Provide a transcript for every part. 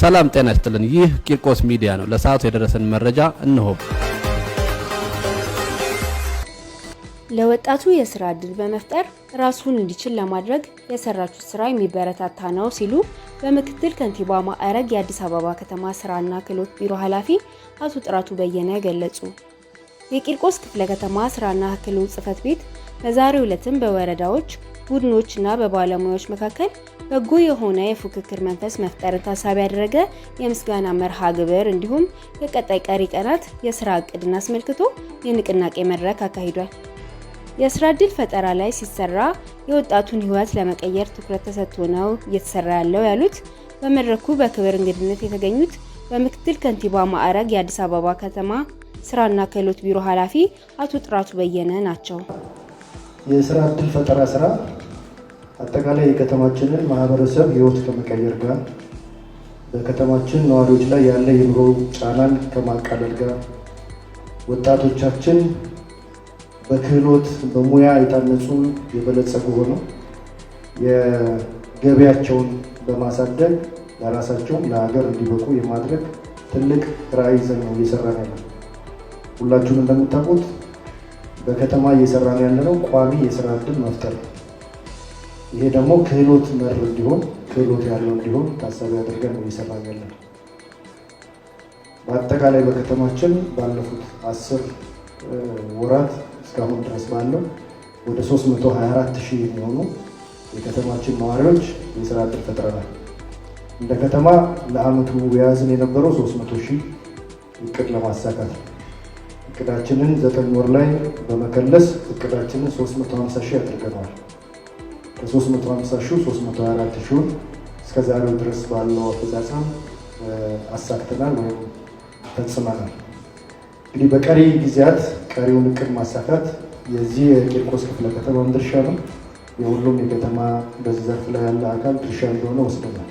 ሰላም ጤና ይስጥልን። ይህ ቂርቆስ ሚዲያ ነው። ለሰዓቱ የደረሰን መረጃ እንሆ። ለወጣቱ የስራ እድል በመፍጠር ራሱን እንዲችል ለማድረግ የሰራችሁት ስራ የሚበረታታ ነው ሲሉ በምክትል ከንቲባ ማዕረግ የአዲስ አበባ ከተማ ስራና ክህሎት ቢሮ ኃላፊ አቶ ጥራቱ በየነ ገለጹ። የቂርቆስ ክፍለ ከተማ ስራና ክህሎት ጽህፈት ቤት በዛሬው ዕለትም በወረዳዎች ቡድኖችና በባለሙያዎች መካከል በጎ የሆነ የፉክክር መንፈስ መፍጠርን ታሳቢ ያደረገ የምስጋና መርሃ ግብር እንዲሁም የቀጣይ ቀሪ ቀናት የስራ እቅድን አስመልክቶ የንቅናቄ መድረክ አካሂዷል። የስራ እድል ፈጠራ ላይ ሲሰራ የወጣቱን ህይወት ለመቀየር ትኩረት ተሰጥቶ ነው እየተሰራ ያለው ያሉት በመድረኩ በክብር እንግድነት የተገኙት በምክትል ከንቲባ ማዕረግ የአዲስ አበባ ከተማ ስራና ክህሎት ቢሮ ኃላፊ አቶ ጥራቱ በየነ ናቸው። የስራ እድል ፈጠራ ስራ አጠቃላይ የከተማችንን ማህበረሰብ ህይወት ከመቀየር ጋር በከተማችን ነዋሪዎች ላይ ያለ የኑሮ ጫናን ከማቃለል ጋር ወጣቶቻችን በክህሎት በሙያ የታነጹ የበለጸጉ ሆነው የገቢያቸውን በማሳደግ ለራሳቸውም ለሀገር እንዲበቁ የማድረግ ትልቅ ራዕይ ይዘን ነው እየሰራን ያለ። ሁላችሁም እንደምታውቁት በከተማ እየሰራን ያለነው ቋሚ የስራ እድል መፍጠር ነው። ይሄ ደግሞ ክህሎት መር እንዲሆን ክህሎት ያለው እንዲሆን ታሳቢ አድርገን የሚሰራ ያለ በአጠቃላይ በከተማችን ባለፉት አስር ወራት እስካሁን ድረስ ባለው ወደ 324 ሺህ የሚሆኑ የከተማችን ነዋሪዎች የስራ እድል ፈጥረናል። እንደ ከተማ ለአመቱ የያዝን የነበረው 300 ሺህ እቅድ ለማሳካት እቅዳችንን ዘጠኝ ወር ላይ በመከለስ እቅዳችንን 350 ሺህ አድርገነዋል። ከ350 ሺህ 324 ሺህ እስከ ዛሬው ድረስ ባለው አፈጻጸም አሳክተናል ወይም ፈጽመናል። እንግዲህ በቀሪ ጊዜያት ቀሪውን እቅድ ማሳካት የዚህ የቂርቆስ ክፍለ ከተማም ድርሻ ነው። የሁሉም የከተማ በዚህ ዘርፍ ላይ ያለ አካል ድርሻ እንደሆነ ወስደናል።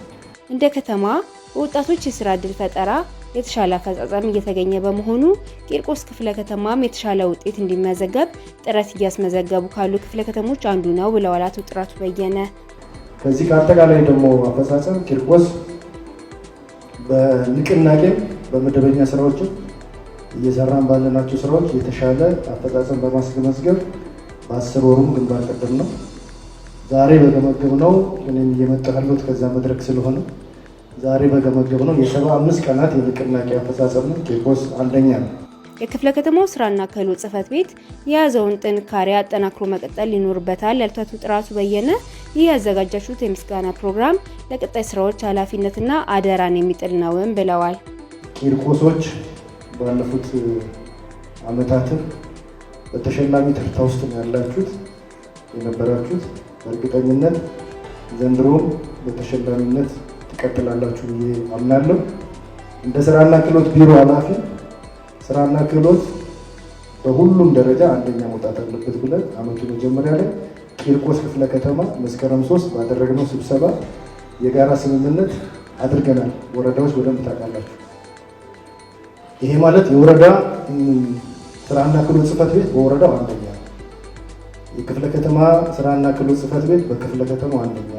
እንደ ከተማ በወጣቶች የስራ እድል ፈጠራ የተሻለ አፈጻጸም እየተገኘ በመሆኑ ቂርቆስ ክፍለ ከተማም የተሻለ ውጤት እንዲመዘገብ ጥረት እያስመዘገቡ ካሉ ክፍለ ከተሞች አንዱ ነው ብለዋል አቶ ጥራቱ በየነ። ከዚህ ከአጠቃላይ ደግሞ አፈጻጸም ቂርቆስ በንቅናቄ በመደበኛ ስራዎችም እየሰራን ባለናቸው ስራዎች የተሻለ አፈጻጸም በማስመዝገብ በአስር ወሩም ግንባር ቀደም ነው። ዛሬ በገመገብ ነው እኔም እየመጣ ያለሁት ከዛ መድረክ ስለሆነ ዛሬ በገመገብ ነው የሰባ አምስት ቀናት የንቅናቄ አፈጻጸም ቴኮስ አንደኛ ነው። የክፍለ ከተማው ስራና ክህሎት ጽህፈት ቤት የያዘውን ጥንካሬ አጠናክሮ መቀጠል ይኖርበታል ያሉት አቶ ጥራቱ በየነ ይህ ያዘጋጃችሁት የምስጋና ፕሮግራም ለቀጣይ ስራዎች ኃላፊነትና አደራን የሚጥል ነውም ብለዋል። ቂርቆሶች ባለፉት አመታትም በተሸላሚ ተርታ ውስጥ ነው ያላችሁት የነበራችሁት በእርግጠኝነት ዘንድሮም በተሸላሚነት ትቀጥላላችሁ ብዬ አምናለሁ። እንደ ስራና ክህሎት ቢሮ ኃላፊ ስራና ክህሎት በሁሉም ደረጃ አንደኛ መውጣት አለበት ብለን አመቱ መጀመሪያ ላይ ቂርቆስ ክፍለ ከተማ መስከረም ሶስት ባደረግነው ስብሰባ የጋራ ስምምነት አድርገናል። ወረዳዎች በደንብ ታውቃላችሁ። ይሄ ማለት የወረዳ ስራና ክህሎት ጽህፈት ቤት በወረዳው አንደኛ፣ የክፍለ ከተማ ስራና ክህሎት ጽህፈት ቤት በክፍለ ከተማው አንደኛ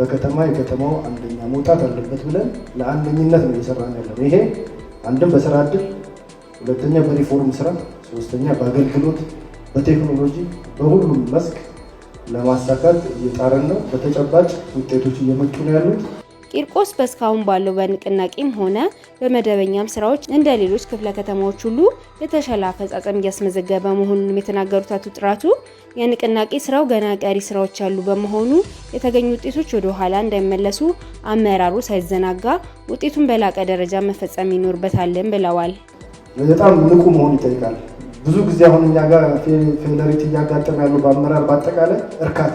በከተማ የከተማው አንደኛ መውጣት አለበት ብለን ለአንደኝነት ነው እየሰራን ያለው። ይሄ አንድም በስራ እድል፣ ሁለተኛ በሪፎርም ስራ፣ ሶስተኛ በአገልግሎት፣ በቴክኖሎጂ፣ በሁሉም መስክ ለማሳካት እየጣረን ነው። በተጨባጭ ውጤቶች እየመጡ ነው ያሉት። ቂርቆስ በእስካሁን ባለው በንቅናቄም ሆነ በመደበኛም ስራዎች እንደ ሌሎች ክፍለ ከተማዎች ሁሉ የተሻለ አፈጻጸም እያስመዘገበ መሆኑንም የተናገሩት አቶ ጥራቱ የንቅናቄ ስራው ገና ቀሪ ስራዎች ያሉ በመሆኑ የተገኙ ውጤቶች ወደ ኋላ እንዳይመለሱ አመራሩ ሳይዘናጋ ውጤቱን በላቀ ደረጃ መፈጸም ይኖርበታልን ብለዋል። በጣም ንቁ መሆን ይጠይቃል። ብዙ ጊዜ አሁን እኛ ጋር ፌለሪት እያጋጠመ ያለው በአመራር በአጠቃላይ እርካታ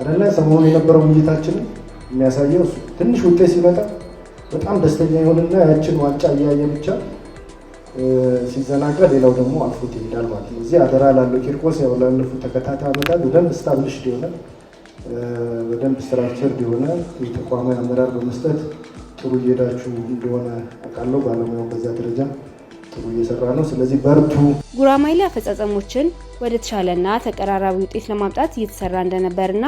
አደለ ሰሞኑ የነበረው ውይይታችንን የሚያሳየው እሱ ትንሽ ውጤት ሲመጣ በጣም ደስተኛ የሆንና ያችን ዋንጫ እያየ ብቻ ሲዘናጋ ሌላው ደግሞ አልፎት ይሄዳል ማለት ነው። እዚህ አደራ ላለው ኪርቆስ ያው ላለፉት ተከታታይ ዓመታት በደንብ ስታብልሽ ሊሆነ በደንብ ስትራክቸር የሆነ የተቋማዊ አመራር በመስጠት ጥሩ እየሄዳችሁ እንደሆነ አውቃለሁ። ባለሙያው በዛ ደረጃ ጥሩ እየሰራ ነው። ስለዚህ በርቱ። ጉራማይሌ አፈጻጸሞችን ወደ ተሻለና ተቀራራቢ ውጤት ለማምጣት እየተሰራ እንደነበርና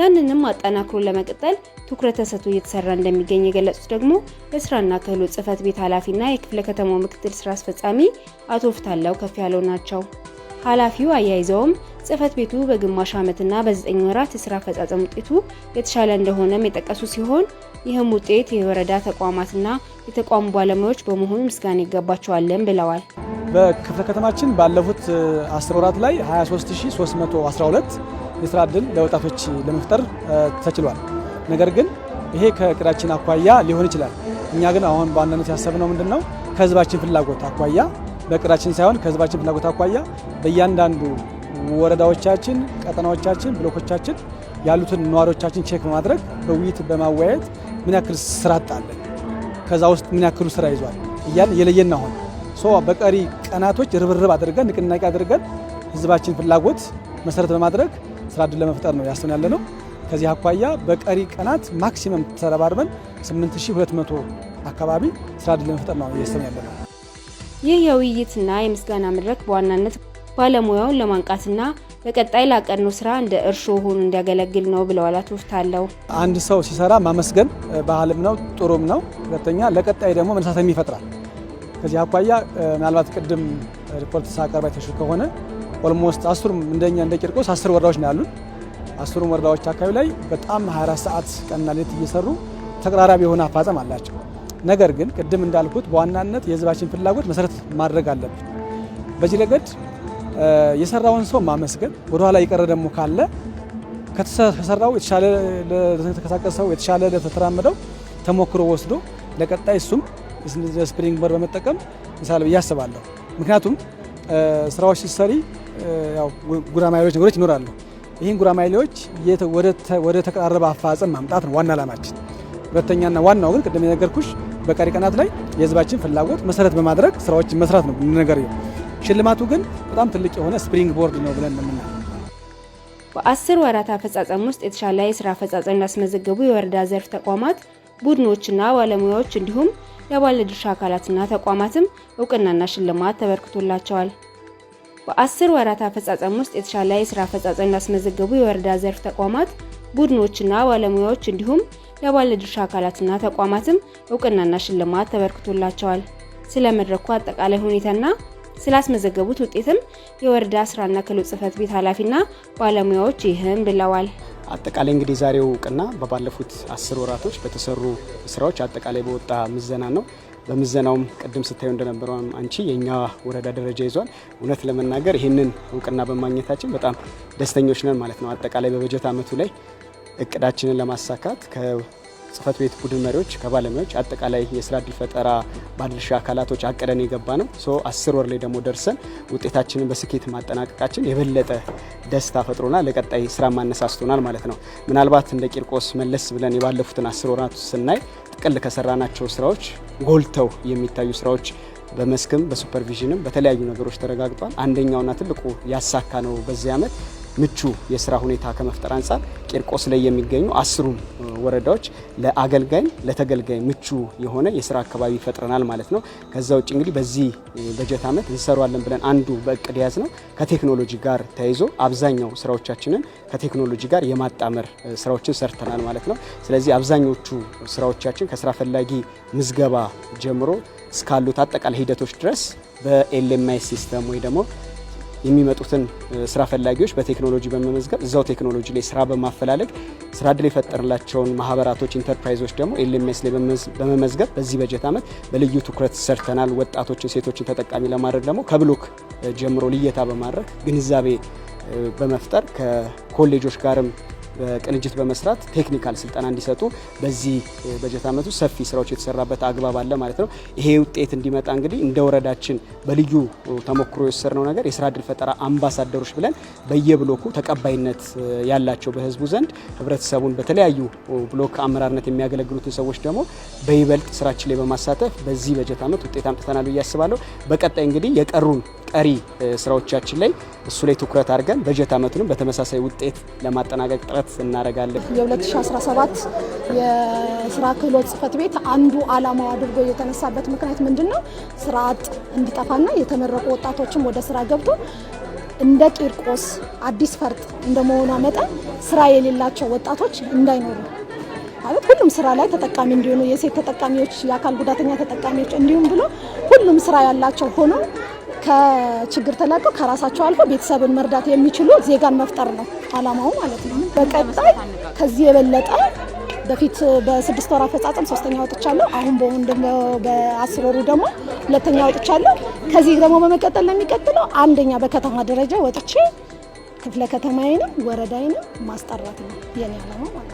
ያንንም አጠናክሮ ለመቀጠል ትኩረት ተሰጥቶ እየተሰራ እንደሚገኝ የገለጹት ደግሞ የስራና ክህሎት ጽህፈት ቤት ኃላፊና የክፍለ ከተማው ምክትል ስራ አስፈጻሚ አቶ ፍታለው ከፍ ያለው ናቸው። ኃላፊው አያይዘውም ጽህፈት ቤቱ በግማሽ ዓመትና በዘጠኝ ወራት የስራ አፈጻጸም ውጤቱ የተሻለ እንደሆነም የጠቀሱ ሲሆን ይህም ውጤት የወረዳ ተቋማትና የተቋሙ ባለሙያዎች በመሆኑ ምስጋና ይገባቸዋለን ብለዋል። በክፍለ ከተማችን ባለፉት አስር ወራት ላይ 23312 የስራ እድል ለወጣቶች ለመፍጠር ተችሏል። ነገር ግን ይሄ ከእቅዳችን አኳያ ሊሆን ይችላል። እኛ ግን አሁን በዋናነት ያሰብነው ምንድን ነው ከህዝባችን ፍላጎት አኳያ በእቅዳችን ሳይሆን ከህዝባችን ፍላጎት አኳያ በእያንዳንዱ ወረዳዎቻችን፣ ቀጠናዎቻችን፣ ብሎኮቻችን ያሉትን ነዋሪዎቻችን ቼክ በማድረግ በውይይት በማወያየት ምን ያክል ስራ አጣለን ከዛ ውስጥ ምን ያክሉ ስራ ይዟል እያል የለየና ሆነ በቀሪ ቀናቶች ርብርብ አድርገን ንቅናቄ አድርገን ህዝባችን ፍላጎት መሰረት በማድረግ ስራ ዕድል ለመፍጠር ነው ያስብን ያለ ነው። ከዚህ አኳያ በቀሪ ቀናት ማክሲመም ተረባርበን 8200 አካባቢ ስራ ዕድል ለመፍጠር ነው እያሰብን ያለ ነው። ይህ የውይይትና የምስጋና መድረክ በዋናነት ባለሙያውን ለማንቃትና በቀጣይ ላቀኑ ስራ እንደ እርሾ ሆኖ እንዲያገለግል ነው ብለዋል አቶ ፍታለው። አንድ ሰው ሲሰራ ማመስገን ባህልም ነው ጥሩም ነው። ሁለተኛ ለቀጣይ ደግሞ መነሳሳትም ይፈጥራል። ከዚህ አኳያ ምናልባት ቅድም ሪፖርት ሳቀርባ የተሽል ከሆነ ኦልሞስት አስሩም እንደኛ እንደ ቂርቆስ አስር ወረዳዎች ነው ያሉን። አስሩም ወረዳዎች አካባቢ ላይ በጣም 24 ሰዓት ቀንና ሌት እየሰሩ ተቀራራቢ የሆነ አፋጸም አላቸው። ነገር ግን ቅድም እንዳልኩት በዋናነት የህዝባችን ፍላጎት መሰረት ማድረግ አለብን። በዚህ ረገድ የሰራውን ሰው ማመስገን፣ ወደኋላ የቀረ ደግሞ ካለ ከተሰራው የተሻለ ለተንቀሳቀሰው የተሻለ ለተተራመደው ተሞክሮ ወስዶ ለቀጣይ እሱም ስፕሪንግ ቦርድ በመጠቀም ይሳል ብዬ አስባለሁ። ምክንያቱም ስራዎች ሲሰሪ ያው ጉራማይሌዎች ነገሮች ይኖራሉ። ይህን ጉራማይሌዎች ወደ ተቀራረበ አፋጽም ማምጣት ነው ዋና ዓላማችን። ሁለተኛና ዋናው ግን ቅድም የነገርኩሽ በቀሪ ቀናት ላይ የህዝባችን ፍላጎት መሰረት በማድረግ ስራዎችን መስራት ነው ነገር ሽልማቱ ግን በጣም ትልቅ የሆነ ስፕሪንግ ቦርድ ነው ብለን ምና በአስር ወራት አፈጻጸም ውስጥ የተሻለ የስራ አፈጻጸም ያስመዘገቡ የወረዳ ዘርፍ ተቋማት ቡድኖችና ባለሙያዎች እንዲሁም የባለድርሻ አካላትና ተቋማትም እውቅናና ሽልማት ተበርክቶላቸዋል። በአስር ወራት አፈጻጸም ውስጥ የተሻለ የስራ አፈጻጸም ያስመዘገቡ የወረዳ ዘርፍ ተቋማት ቡድኖችና ባለሙያዎች እንዲሁም የባለድርሻ አካላትና ተቋማትም እውቅናና ሽልማት ተበርክቶላቸዋል። ስለ መድረኩ አጠቃላይ ሁኔታና ስላስመዘገቡት ውጤትም የወረዳ ስራና ክህሎት ጽህፈት ቤት ኃላፊና ባለሙያዎች ይህን ብለዋል። አጠቃላይ እንግዲህ ዛሬው እውቅና በባለፉት አስር ወራቶች በተሰሩ ስራዎች አጠቃላይ በወጣ ምዘና ነው። በምዘናውም ቅድም ስታዩ እንደነበረው አንቺ የእኛ ወረዳ ደረጃ ይዟል። እውነት ለመናገር ይህንን እውቅና በማግኘታችን በጣም ደስተኞች ነን ማለት ነው። አጠቃላይ በበጀት አመቱ ላይ እቅዳችንን ለማሳካት ጽህፈት ቤት ቡድን መሪዎች ከባለሙያዎች አጠቃላይ የስራ እድል ፈጠራ ባለድርሻ አካላቶች አቅደን የገባ ነው። አስር ወር ላይ ደግሞ ደርሰን ውጤታችንን በስኬት ማጠናቀቃችን የበለጠ ደስታ ፈጥሮና ለቀጣይ ስራ ማነሳስቶናል ማለት ነው። ምናልባት እንደ ቂርቆስ መለስ ብለን የባለፉትን አስር ወራት ስናይ ጥቅል ከሰራናቸው ስራዎች ጎልተው የሚታዩ ስራዎች በመስክም በሱፐርቪዥንም በተለያዩ ነገሮች ተረጋግጧል። አንደኛውና ትልቁ ያሳካ ነው በዚህ ዓመት ምቹ የስራ ሁኔታ ከመፍጠር አንጻር ቂርቆስ ላይ የሚገኙ አስሩም ወረዳዎች ለአገልጋይም ለተገልጋይ ምቹ የሆነ የስራ አካባቢ ይፈጥረናል ማለት ነው። ከዛ ውጭ እንግዲህ በዚህ በጀት ዓመት እንሰሯለን ብለን አንዱ በእቅድ የያዝ ነው ከቴክኖሎጂ ጋር ተያይዞ አብዛኛው ስራዎቻችንን ከቴክኖሎጂ ጋር የማጣመር ስራዎችን ሰርተናል ማለት ነው። ስለዚህ አብዛኞቹ ስራዎቻችን ከስራ ፈላጊ ምዝገባ ጀምሮ እስካሉት አጠቃላይ ሂደቶች ድረስ በኤልኤምአይ ሲስተም ወይ ደግሞ የሚመጡትን ስራ ፈላጊዎች በቴክኖሎጂ በመመዝገብ እዛው ቴክኖሎጂ ላይ ስራ በማፈላለግ ስራ እድል የፈጠርላቸውን ማህበራቶች፣ ኢንተርፕራይዞች ደግሞ ኤልኤምኤስ ላይ በመመዝገብ በዚህ በጀት ዓመት በልዩ ትኩረት ሰርተናል። ወጣቶችን፣ ሴቶችን ተጠቃሚ ለማድረግ ደግሞ ከብሎክ ጀምሮ ልየታ በማድረግ ግንዛቤ በመፍጠር ከኮሌጆች ጋርም ቅንጅት በመስራት ቴክኒካል ስልጠና እንዲሰጡ በዚህ በጀት ዓመቱ ሰፊ ስራዎች የተሰራበት አግባብ አለ ማለት ነው። ይሄ ውጤት እንዲመጣ እንግዲህ እንደ ወረዳችን በልዩ ተሞክሮ የወሰድነው ነገር የስራ እድል ፈጠራ አምባሳደሮች ብለን በየብሎኩ ተቀባይነት ያላቸው በህዝቡ ዘንድ ህብረተሰቡን በተለያዩ ብሎክ አመራርነት የሚያገለግሉትን ሰዎች ደግሞ በይበልጥ ስራችን ላይ በማሳተፍ በዚህ በጀት ዓመት ውጤት አምጥተናል ብዬ አስባለሁ። በቀጣይ እንግዲህ የቀሩን ቀሪ ስራዎቻችን ላይ እሱ ላይ ትኩረት አድርገን በጀት አመቱንም በተመሳሳይ ውጤት ለማጠናቀቅ ጥረት እናደርጋለን። የ2017 የስራ ክህሎት ጽህፈት ቤት አንዱ አላማ አድርጎ የተነሳበት ምክንያት ምንድን ነው? ስራ አጥ እንዲጠፋና የተመረቁ ወጣቶችም ወደ ስራ ገብቶ እንደ ቂርቆስ አዲስ ፈርጥ እንደመሆኗ መጠን ስራ የሌላቸው ወጣቶች እንዳይኖሩ ማለት ሁሉም ስራ ላይ ተጠቃሚ እንዲሆኑ የሴት ተጠቃሚዎች፣ የአካል ጉዳተኛ ተጠቃሚዎች እንዲሁም ብሎ ሁሉም ስራ ያላቸው ሆኖ ከችግር ተላቀው ከራሳቸው አልፎ ቤተሰብን መርዳት የሚችሉ ዜጋን መፍጠር ነው አላማው ማለት ነው። በቀጣይ ከዚህ የበለጠ በፊት በስድስት ወር አፈጻጸም ሶስተኛ ወጥቻለሁ። አሁን በሆን ደግሞ በአስር ወሩ ደግሞ ሁለተኛ ወጥቻለሁ። ከዚህ ደግሞ በመቀጠል የሚቀጥለው አንደኛ በከተማ ደረጃ ወጥቼ ክፍለ ከተማዬንም ወረዳዬንም ማስጠራት ነው የኔ አላማ ማለት ነው።